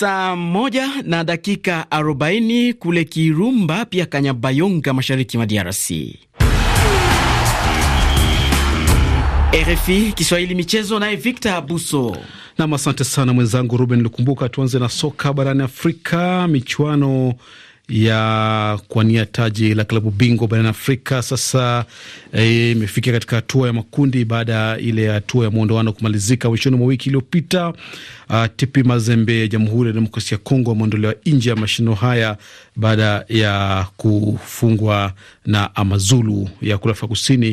Saa moja na dakika arobaini kule Kirumba, pia Kanyabayonga, mashariki mwa DRC. RFI Kiswahili Michezo, naye Victor Abuso. Nam, asante sana mwenzangu Ruben Lukumbuka. Tuanze na soka barani Afrika, michuano ya kuania taji la klabu bingwa barani Afrika sasa eh, imefikia e, katika hatua ya makundi baada ya ile hatua ya mwondoano kumalizika mwishoni mwa wiki iliyopita. Uh, ah, TP Mazembe ya Jamhuri ya Demokrasia ya Kongo ameondolewa nje ya mashindano haya baada ya kufungwa na Amazulu ya kule Afrika Kusini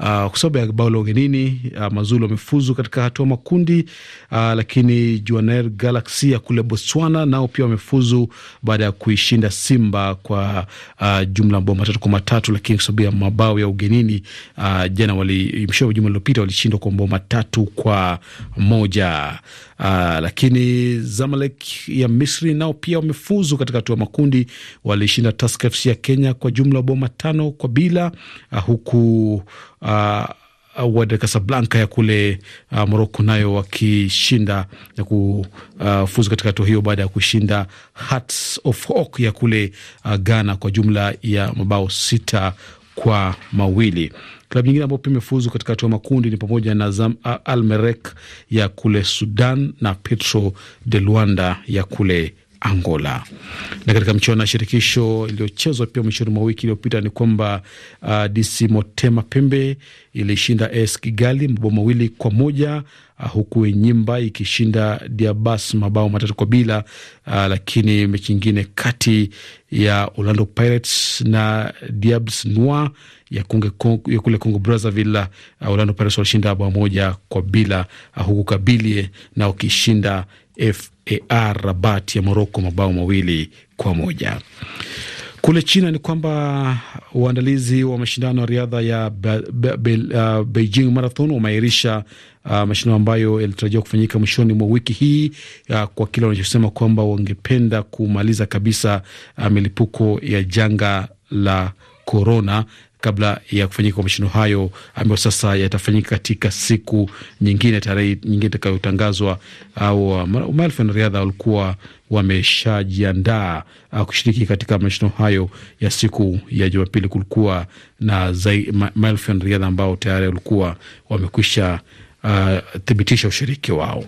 uh, kwa sababu ya bao la ugenini. Amazulu wamefuzu katika hatua makundi uh, lakini juaner Galaxy ya kule Botswana nao pia wamefuzu baada ya kuishinda Simba kwa uh, jumla mabao matatu kwa matatu, lakini kwa sababu ya mabao ya ugenini uh, jana wali mshua juma lilopita walishindwa kwa mabao matatu kwa moja. Aa, ah, lakini Zamalek ya Misri nao pia wamefuzu katika hatua makundi, walishinda Tusker FC ya Kenya kwa jumla mabao matano kwa bila, uh, huku uh, ah, Wydad Casablanca ya kule uh, Moroko nayo wakishinda na kufuzu uh, katika hatua hiyo baada ya kushinda Hearts of Oak ya kule uh, Ghana kwa jumla ya mabao sita kwa mawili. Klabu nyingine ambayo pia imefuzu katika hatua makundi ni pamoja na Almerek ya kule Sudan na Petro de Luanda ya kule Angola. Na katika mchuano ya shirikisho iliyochezwa pia mwishoni mwa wiki iliyopita ni kwamba uh, DC Motema Pembe ilishinda AS Kigali mabao mawili kwa moja uh, huku Enyimba ikishinda Diabas mabao matatu kwa bila. Uh, lakini mechi nyingine kati ya Orlando Pirates na Diabs Noir ya, ya kule Congo Brazzaville, uh, Orlando Pirates walishinda bao moja kwa bila, uh, huku Kabilie na wakishinda FAR Rabat ya moroko mabao mawili kwa moja. Kule China ni kwamba waandalizi wa mashindano ya riadha ya be, be, be, uh, Beijing Marathon wameahirisha uh, mashindano ambayo yalitarajiwa kufanyika mwishoni mwa wiki hii uh, kwa kile wanachosema kwamba wangependa kumaliza kabisa uh, milipuko ya janga la korona kabla ya kufanyika kwa mashindano hayo ambayo sasa yatafanyika katika siku nyingine, tarehe nyingine itakayotangazwa. Au uh, maelfu ya wanariadha walikuwa wameshajiandaa uh, kushiriki katika mashindano hayo ya siku ya Jumapili. Kulikuwa na maelfu ya wanariadha ambao tayari walikuwa wamekwisha uh, thibitisha ushiriki wao.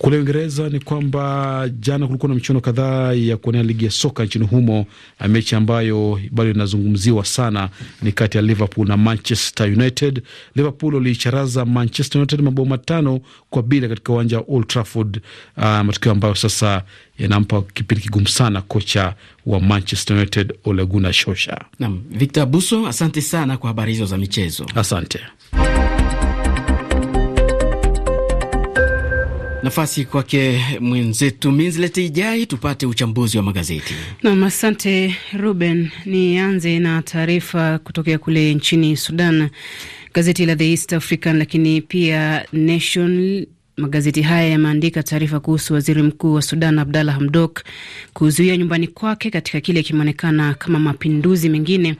Kule Uingereza ni kwamba jana kulikuwa na michuano kadhaa ya kuonea ligi ya soka nchini humo. Mechi ambayo bado inazungumziwa sana ni kati ya Liverpool na Manchester United. Liverpool waliicharaza Manchester United mabao matano kwa bila katika uwanja wa Old Trafford, uh, matokeo ambayo sasa yanampa kipindi kigumu sana kocha wa Manchester United Ole Gunnar Solskjaer. Naam, Victor Buso, asante sana kwa habari hizo za michezo. Asante. Nafasi kwake mwenzetu Minzlet Ijai tupate uchambuzi wa magazeti. Nam, asante Ruben. Nianze na taarifa kutokea kule nchini Sudan, gazeti la The East African lakini pia Nation magazeti haya yameandika taarifa kuhusu waziri mkuu wa Sudan Abdalla Hamdok kuzuia nyumbani kwake katika kile kimeonekana kama mapinduzi mengine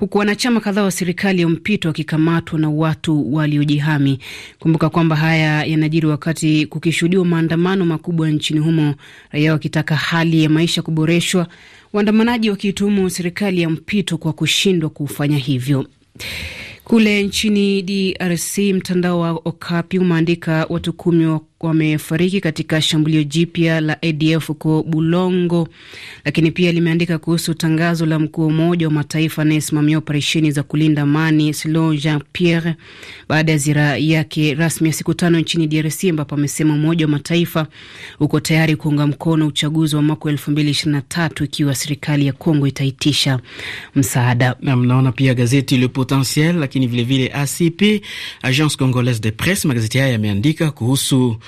huku wanachama kadhaa wa serikali ya mpito wakikamatwa na watu waliojihami. Kumbuka kwamba haya yanajiri wakati kukishuhudiwa maandamano makubwa nchini humo, raia wakitaka hali ya maisha kuboreshwa, waandamanaji wakituhumu serikali ya mpito kwa kushindwa kufanya hivyo. Kule nchini DRC, mtandao wa Okapi umeandika watu kumi wamefariki katika shambulio jipya la ADF huko Bulongo, lakini pia limeandika kuhusu tangazo la mkuu wa Umoja wa Mataifa anayesimamia operesheni za kulinda amani Selon Jean Pierre baada ya ziara yake rasmi ya siku tano nchini DRC ambapo amesema Umoja wa Mataifa uko tayari kuunga mkono uchaguzi wa mwaka elfu mbili ishirini na tatu ikiwa serikali ya Kongo itaitisha msaada. Na mnaona pia gazeti Le Potentiel, lakini vilevile vile ACP, Agence Congolaise de Presse, magazeti haya yameandika kuhusu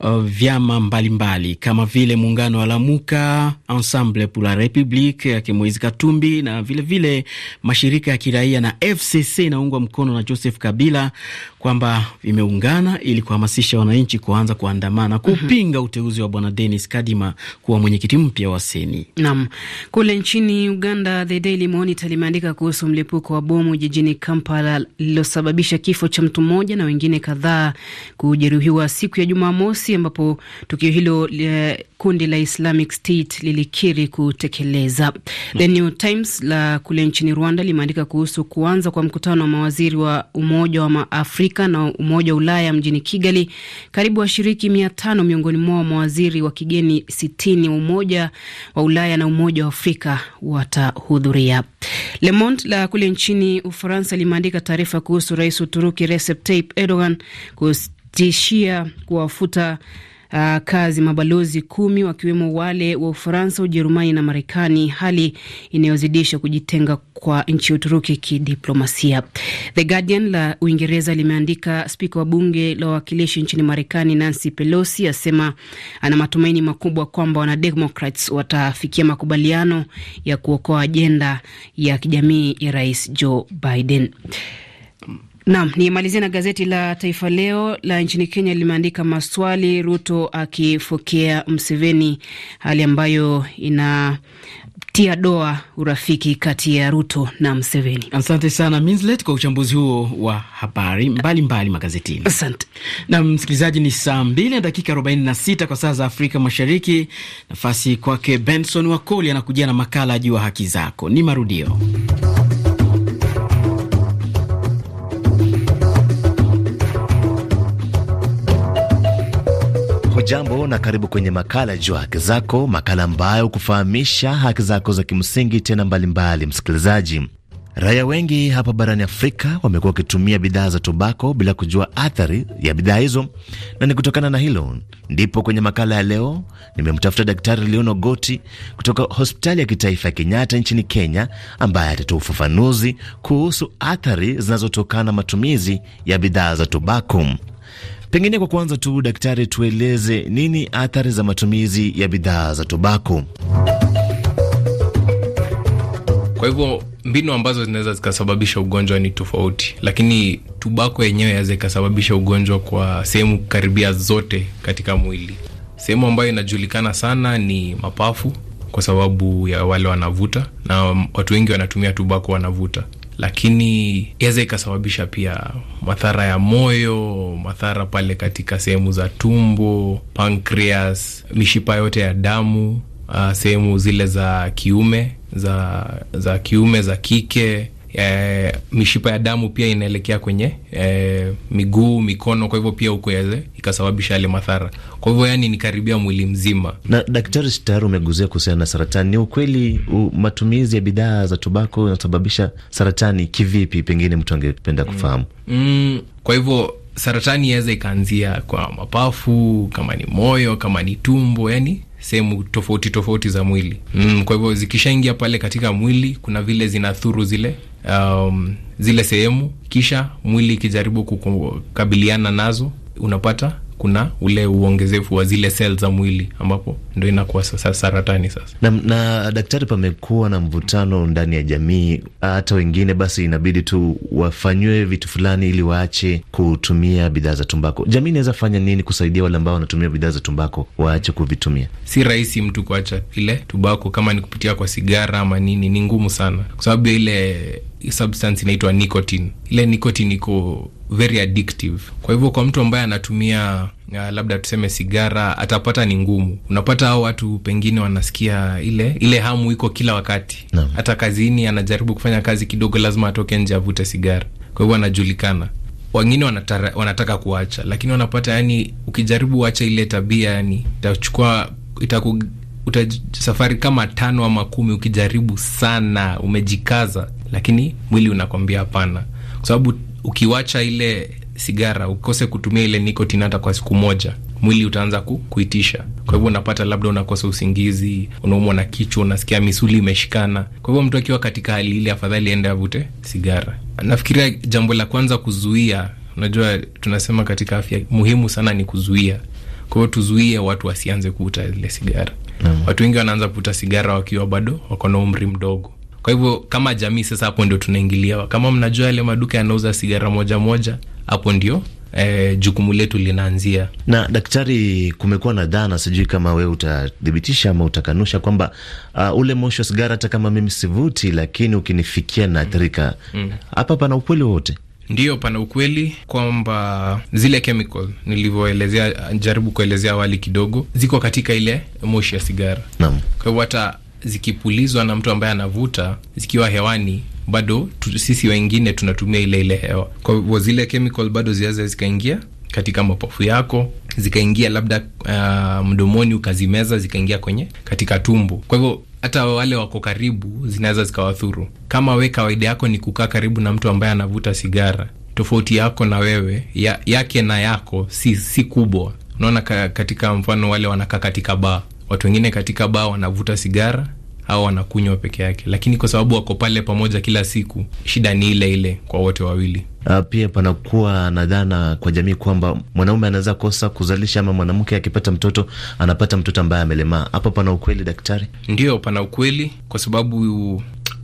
Uh, vyama mbalimbali mbali, kama vile muungano wa Lamuka, Ensemble pour la Republique ya Moise Katumbi na vilevile vile mashirika ya kiraia na FCC inaungwa mkono na Joseph Kabila kwamba vimeungana ili kuhamasisha wananchi kuanza kuandamana mhm. kupinga mm -hmm. uteuzi wa bwana denis Kadima kuwa mwenyekiti mpya wa Seni. Naam, kule nchini Uganda, The Daily Monitor limeandika kuhusu mlipuko wa bomu jijini Kampala lililosababisha kifo cha mtu mmoja na wengine kadhaa kujeruhiwa siku ya Jumamosi ambapo tukio hilo eh, kundi la Islamic State lilikiri kutekeleza. Hmm. The New Times la kule nchini Rwanda limeandika kuhusu kuanza kwa mkutano wa mawaziri wa Umoja wa Afrika na Umoja wa Ulaya mjini Kigali. Karibu washiriki mia tano miongoni mwao mawaziri wa kigeni sitini wa Umoja wa Ulaya na Umoja wa Afrika watahudhuria. Le Monde la kule nchini Ufaransa limeandika taarifa kuhusu rais Uturuki Recep Tayyip Erdogan kuhusu imetishia kuwafuta Uh, kazi mabalozi kumi wakiwemo wale wa Ufaransa, Ujerumani na Marekani, hali inayozidisha kujitenga kwa nchi ya Uturuki kidiplomasia. The Guardian la Uingereza limeandika spika wa bunge la wawakilishi nchini Marekani Nancy Pelosi asema ana matumaini makubwa kwamba wanademokrats watafikia makubaliano ya kuokoa ajenda ya kijamii ya Rais Joe Biden. Nam nimalizie na gazeti la Taifa Leo la nchini Kenya limeandika maswali Ruto akifokea Mseveni, hali ambayo inatia doa urafiki kati ya Ruto na Mseveni. Asante sana Minslet kwa uchambuzi huo wa habari mbalimbali magazetini. Asante na msikilizaji, ni saa mbili na dakika 46 kwa saa za Afrika Mashariki. Nafasi kwake Benson Wakoli anakujia na makala juu ya haki zako, ni marudio Hujambo na karibu kwenye makala juu ya haki zako, makala ambayo kufahamisha haki zako za kimsingi tena mbalimbali. Msikilizaji, raia wengi hapa barani Afrika wamekuwa wakitumia bidhaa za tobako bila kujua athari ya bidhaa hizo, na ni kutokana na hilo ndipo kwenye makala ya leo nimemtafuta Daktari Leono Goti kutoka hospitali ya kitaifa ya Kenyatta nchini Kenya, ambaye atatoa ufafanuzi kuhusu athari zinazotokana na matumizi ya bidhaa za tobako. Pengine kwa kwanza tu, daktari, tueleze nini athari za matumizi ya bidhaa za tobako? Kwa hivyo mbinu ambazo zinaweza zikasababisha ugonjwa ni tofauti, lakini tubako yenyewe yaweza ikasababisha ugonjwa kwa sehemu karibia zote katika mwili. Sehemu ambayo inajulikana sana ni mapafu, kwa sababu ya wale wanavuta, na watu wengi wanatumia tubako wanavuta lakini iweza ikasababisha pia madhara ya moyo, madhara pale katika sehemu za tumbo, pancreas, mishipa yote ya damu, uh, sehemu zile za kiume za, za kiume za kike e, mishipa ya damu pia inaelekea kwenye e, miguu, mikono, kwa hivyo pia huko yaweza ikasababisha yale madhara. Kwa hivyo yani ni karibia mwili mzima. Na Daktari Sitaru, umeguzia kuhusiana na saratani, ni ukweli u, matumizi ya bidhaa za tobako inasababisha saratani kivipi? Pengine mtu angependa mm. kufahamu. Mm, mm, kwa hivyo saratani yaweza ikaanzia kwa mapafu, kama ni moyo, kama ni tumbo, yani sehemu tofauti tofauti za mwili mm. Kwa hivyo zikishaingia pale katika mwili, kuna vile zinathuru zile um, zile sehemu, kisha mwili ikijaribu kukabiliana nazo unapata kuna ule uongezefu wa zile sel za mwili ambapo ndo inakuwa sasa saratani. Sasa na, na daktari, pamekuwa na mvutano ndani ya jamii, hata wengine basi inabidi tu wafanyiwe vitu fulani ili waache kutumia bidhaa za tumbako. Jamii inaweza fanya nini kusaidia wale ambao wanatumia bidhaa za tumbako waache kuvitumia? Si rahisi mtu kuacha ile tumbako, kama ni kupitia kwa sigara ama nini, ni ngumu sana, kwa sababu ile substance inaitwa nicotine. Ile nicotine iko very addictive. Kwa hivyo kwa mtu ambaye anatumia Uh, labda tuseme sigara atapata ni ngumu. Unapata hao watu pengine wanasikia ile ile hamu iko kila wakati no. Hata kazini anajaribu kufanya kazi kidogo, lazima atoke nje avute sigara, kwa hivyo anajulikana. Wengine wanataka kuacha, lakini wanapata yani, ukijaribu uacha ile tabia yani itachukua itaku uta safari kama tano ama kumi, ukijaribu sana, umejikaza, lakini mwili unakwambia hapana, kwa sababu ukiwacha ile sigara ukose kutumia ile nikotin hata kwa siku moja, mwili utaanza ku, kuitisha. Kwa hivyo unapata labda unakosa usingizi, unaumwa na kichwa, unasikia misuli imeshikana. Kwa hivyo mtu akiwa katika hali ile, afadhali aende avute sigara. Nafikiria jambo la kwanza kuzuia, unajua tunasema katika afya muhimu sana ni kuzuia. Kwa hivyo tuzuie watu wasianze kuvuta ile sigara. Mm. Watu wengi wanaanza kuvuta sigara wakiwa bado wako na umri mdogo kwa hivyo kama jamii sasa, hapo ndio tunaingiliwa. Kama mnajua yale maduka yanauza sigara moja moja, hapo ndio E, jukumu letu linaanzia. Na daktari, kumekuwa na dhana, sijui kama wewe utathibitisha ama utakanusha kwamba uh, ule moshi wa sigara, hata kama mimi sivuti, lakini ukinifikia naathirika. Mm. Hapa mm. pana ukweli wowote? Ndiyo, pana ukweli kwamba zile chemical nilivyoelezea, jaribu kuelezea awali kidogo, ziko katika ile moshi ya sigara. Naam. Kwa hivyo hata zikipulizwa na mtu ambaye anavuta, zikiwa hewani bado tu, sisi wengine tunatumia ile ile hewa. Kwa hivyo zile chemical bado zinaweza zikaingia katika mapafu yako zikaingia labda uh, mdomoni ukazimeza zikaingia kwenye katika tumbo. Kwa hivyo hata wale wako karibu zinaweza zikawathuru. Kama we kawaida yako ni kukaa karibu na mtu ambaye anavuta sigara, tofauti yako na wewe ya, yake na yako si, si kubwa. Unaona katika mfano wale wanakaa katika baa watu wengine katika baa wanavuta sigara au wanakunywa peke yake, lakini kwa sababu wako pale pamoja kila siku, shida ni ile ile kwa wote wawili. Ah, pia panakuwa na dhana kwa jamii kwamba mwanaume anaweza kosa kuzalisha ama mwanamke akipata mtoto anapata mtoto ambaye amelemaa. Hapa pana ukweli, daktari? ndio pana ukweli kwa sababu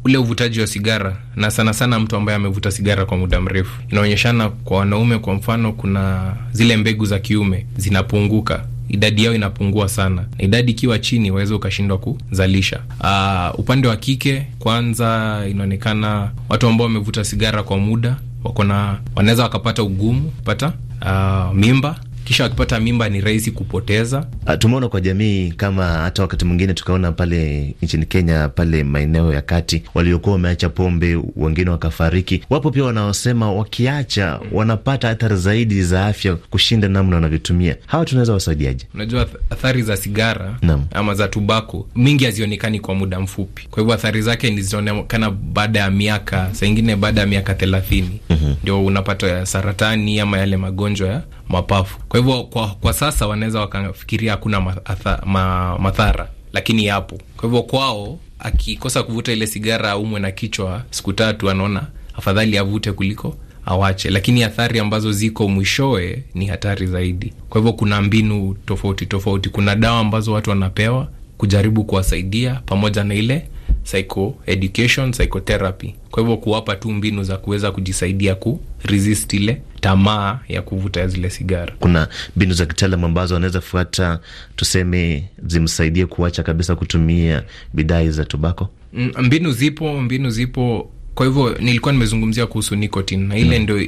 ule uvutaji wa sigara na sana sana mtu ambaye amevuta sigara kwa muda mrefu, inaonyeshana kwa wanaume, kwa mfano, kuna zile mbegu za kiume zinapunguka idadi yao inapungua sana, na idadi ikiwa chini waweza ukashindwa kuzalisha. Uh, upande wa kike kwanza, inaonekana watu ambao wamevuta sigara kwa muda wako na wanaweza wakapata ugumu kupata uh, mimba kisha wakipata mimba ni rahisi kupoteza. Ah, tumeona kwa jamii kama hata wakati mwingine tukaona pale nchini Kenya, pale maeneo ya kati, waliokuwa wameacha pombe wengine wakafariki. Wapo pia wanaosema wakiacha wanapata athari zaidi za afya kushinda namna wanavyotumia. Hawa tunaweza wasaidiaje? Unajua, athari za sigara Naam. ama za tubako mingi hazionekani kwa muda mfupi, kwa hivyo athari zake zinaonekana baada ya miaka, saa ingine baada ya miaka thelathini mhm. ndio unapata saratani ama yale magonjwa ya mapafu. Kwa hivyo kwa, kwa sasa wanaweza wakafikiria hakuna madhara ma, lakini yapo. Kwa hivyo kwao, akikosa kuvuta ile sigara aumwe na kichwa siku tatu, anaona afadhali avute kuliko awache, lakini athari ambazo ziko mwishowe ni hatari zaidi. Kwa hivyo kuna mbinu tofauti tofauti, kuna dawa ambazo watu wanapewa kujaribu kuwasaidia pamoja na ile psycho education, psychotherapy. Kwa hivyo kuwapa tu mbinu za kuweza kujisaidia ku resist ile tamaa ya kuvuta zile sigara. Kuna mbinu za kitaalamu ambazo wanaweza fuata, tuseme zimsaidie kuacha kabisa kutumia bidhaa za tobako. Mm, mbinu zipo, mbinu zipo. Kwa hivyo nilikuwa nimezungumzia kuhusu nicotine na ile mm, ndo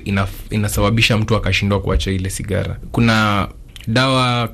inasababisha mtu akashindwa kuacha ile sigara. Kuna dawa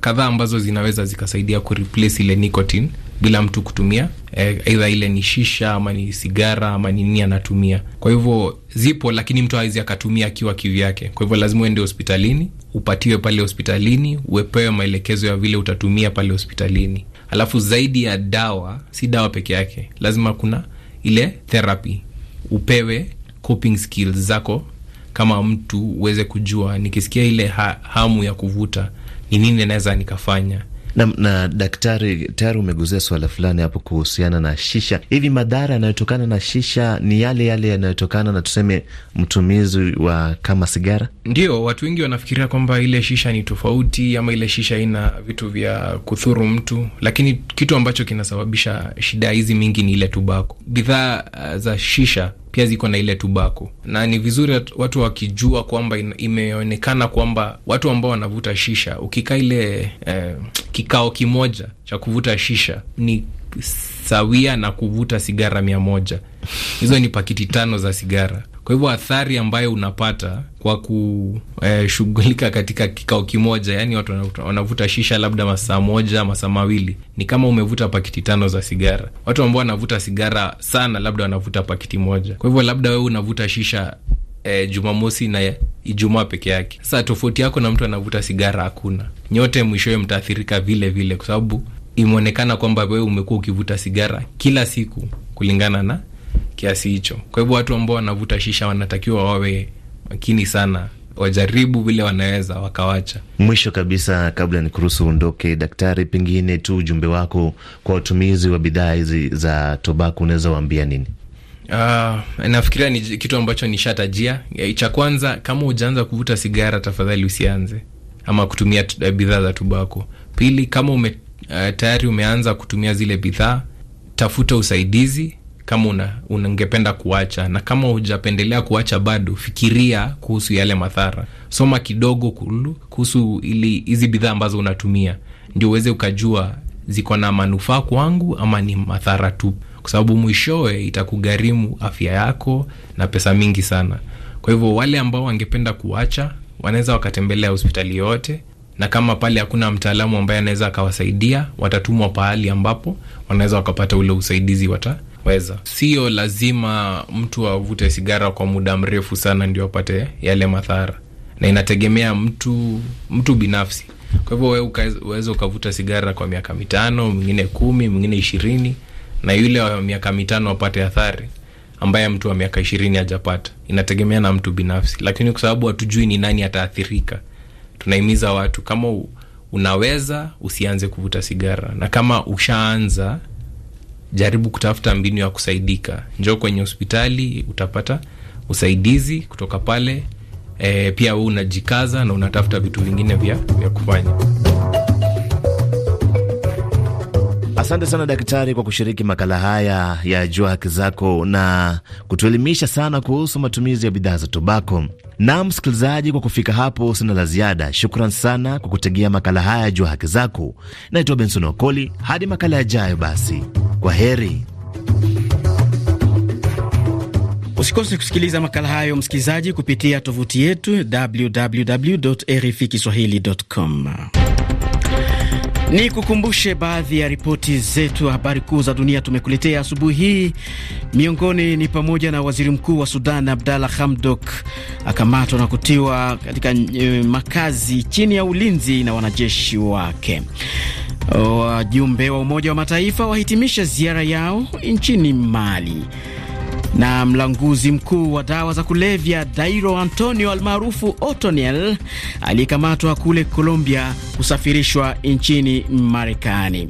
kadhaa ambazo zinaweza zikasaidia kureplace ile nicotine bila mtu kutumia aidha, eh, e, ile ni shisha ama ni sigara ama ni nini anatumia. Kwa hivyo zipo, lakini mtu awezi akatumia akiwa kivyake. Kwa hivyo lazima uende hospitalini, upatiwe pale hospitalini, upewe maelekezo ya vile utatumia pale hospitalini. Alafu zaidi ya dawa, si dawa peke yake, lazima kuna ile therapy, upewe coping skills zako kama mtu uweze kujua, nikisikia ile ha hamu ya kuvuta ni nini naweza nikafanya na, na daktari, tayari umeguzia swala fulani hapo kuhusiana na shisha. Hivi madhara yanayotokana na shisha ni yale yale yanayotokana na tuseme mtumizi wa kama sigara? Ndio, watu wengi wanafikiria kwamba ile shisha ni tofauti ama ile shisha ina vitu vya kudhuru mtu, lakini kitu ambacho kinasababisha shida hizi mingi ni ile tubako. Bidhaa uh, za shisha pia ziko na ile tubako, na ni vizuri watu wakijua kwamba imeonekana kwamba watu ambao wanavuta shisha, ukikaa ile eh, kikao kimoja cha kuvuta shisha ni sawia na kuvuta sigara mia moja. Hizo ni pakiti tano za sigara. Kwa hivyo athari ambayo unapata kwa kushughulika eh, katika kikao kimoja, yani watu wanavuta shisha labda masaa moja masaa mawili, ni kama umevuta pakiti tano za sigara. Watu ambao wanavuta sigara sana, labda wanavuta pakiti moja. Kwa hivyo labda wewe unavuta shisha e, Jumamosi na Ijumaa peke yake. Sasa tofauti yako na mtu anavuta sigara hakuna. Nyote mwishowe mtaathirika vile vile, kwa sababu imeonekana kwamba wewe umekuwa ukivuta sigara kila siku kulingana na kiasi hicho. Kwa hivyo watu ambao wanavuta shisha wanatakiwa wawe makini sana, wajaribu vile wanaweza wakawacha. Mwisho kabisa, kabla ni kuruhusu uondoke, daktari, pengine tu ujumbe wako kwa watumizi wa bidhaa hizi za tobaku, unaweza waambia nini? Uh, nafikiria ni kitu ambacho nishatajia. Eh, cha kwanza, kama ujaanza kuvuta sigara, tafadhali usianze ama kutumia bidhaa za tubako. Pili, kama ume uh, tayari umeanza kutumia zile bidhaa, tafuta usaidizi kama una, ungependa kuacha, na kama hujapendelea kuacha bado, fikiria kuhusu yale madhara, soma kidogo kuhusu ili hizi bidhaa ambazo unatumia, ndio uweze ukajua ziko na manufaa kwangu ama ni madhara tu, kwa sababu mwishowe itakugharimu afya yako na pesa mingi sana. Kwa hivyo wale ambao wangependa kuacha wanaweza wakatembelea hospitali yoyote na kama pale hakuna mtaalamu ambaye anaweza akawasaidia, watatumwa pahali ambapo wanaweza wakapata ule usaidizi wataweza. Sio lazima mtu avute sigara kwa muda mrefu sana ndio apate yale madhara, na inategemea mtu mtu binafsi. Kwa hivyo wewe uweza ukavuta sigara kwa miaka mitano, mwingine kumi, mwingine ishirini, na yule wa miaka mitano apate athari ambaye mtu wa miaka ishirini hajapata. Inategemea na mtu binafsi, lakini kwa sababu hatujui ni nani ataathirika tunahimiza watu kama unaweza usianze kuvuta sigara, na kama ushaanza jaribu kutafuta mbinu ya kusaidika. Njoo kwenye hospitali utapata usaidizi kutoka pale. E, pia wewe unajikaza na unatafuta vitu vingine vya, vya kufanya. Asante sana daktari, kwa kushiriki makala haya ya Jua Haki Zako na kutuelimisha sana kuhusu matumizi ya bidhaa za tobako. Na msikilizaji, kwa kufika hapo, sina la ziada. Shukran sana kwa kutegea makala haya ya Jua Haki Zako. Naitwa Benson Okoli, hadi makala yajayo. Basi kwa heri. Usikose kusikiliza makala hayo msikilizaji, kupitia tovuti yetu kiswahilicom ni kukumbushe baadhi ya ripoti zetu, habari kuu za dunia tumekuletea asubuhi hii. Miongoni ni pamoja na waziri mkuu wa Sudan Abdalla Hamdok akamatwa na kutiwa katika uh, makazi chini ya ulinzi na wanajeshi wake. Wajumbe wa Umoja wa Mataifa wahitimisha ziara yao nchini Mali. Na mlanguzi mkuu wa dawa za kulevya Dairo Antonio almaarufu Otoniel aliyekamatwa kule Colombia kusafirishwa nchini Marekani.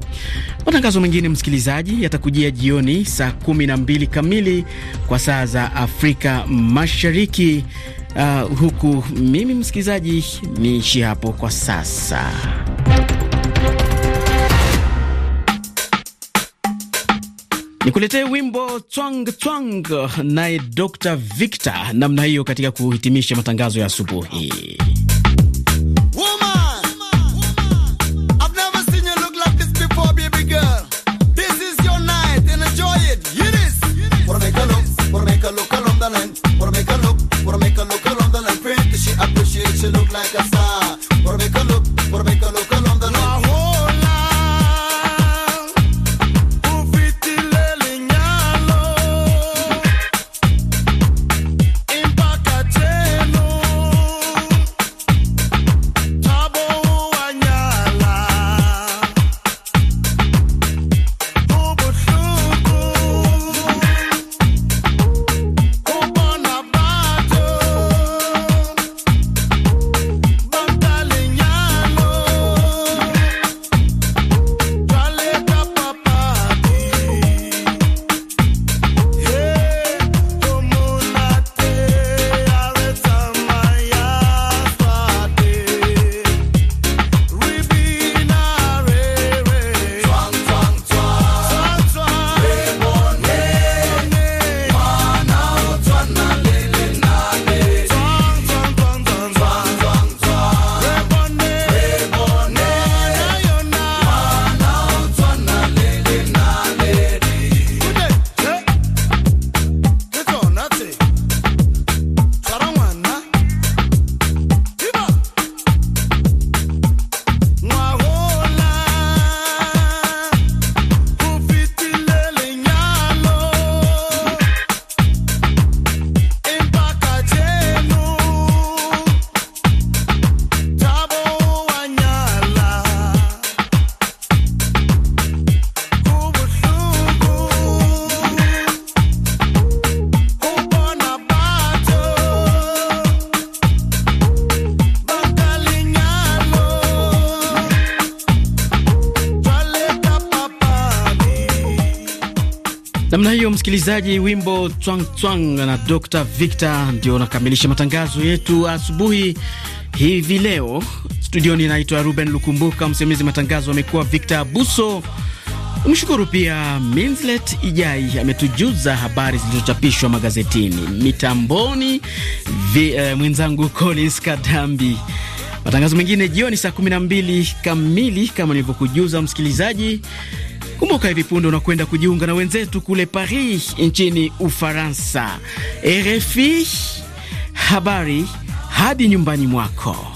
Matangazo mengine, msikilizaji, yatakujia jioni saa 12 kamili kwa saa za Afrika Mashariki. Uh, huku mimi msikilizaji niishi hapo kwa sasa. Nikuletee wimbo twang twang naye Dr Victor namna hiyo katika kuhitimisha matangazo ya asubuhi. msikilizaji, wimbo twang twang na Dr Victor ndio unakamilisha matangazo yetu asubuhi hivi leo. Studioni naitwa Ruben Lukumbuka, msimamizi matangazo amekuwa Victor Abuso. Mshukuru pia Minslet Ijai ametujuza habari zilizochapishwa magazetini. Mitamboni vi, eh, mwenzangu Collins Kadambi. Matangazo mengine jioni saa 12 kamili kama nilivyokujuza msikilizaji. Kumbuka hivi punde unakwenda kujiunga na wenzetu kule Paris nchini Ufaransa. RFI habari hadi nyumbani mwako.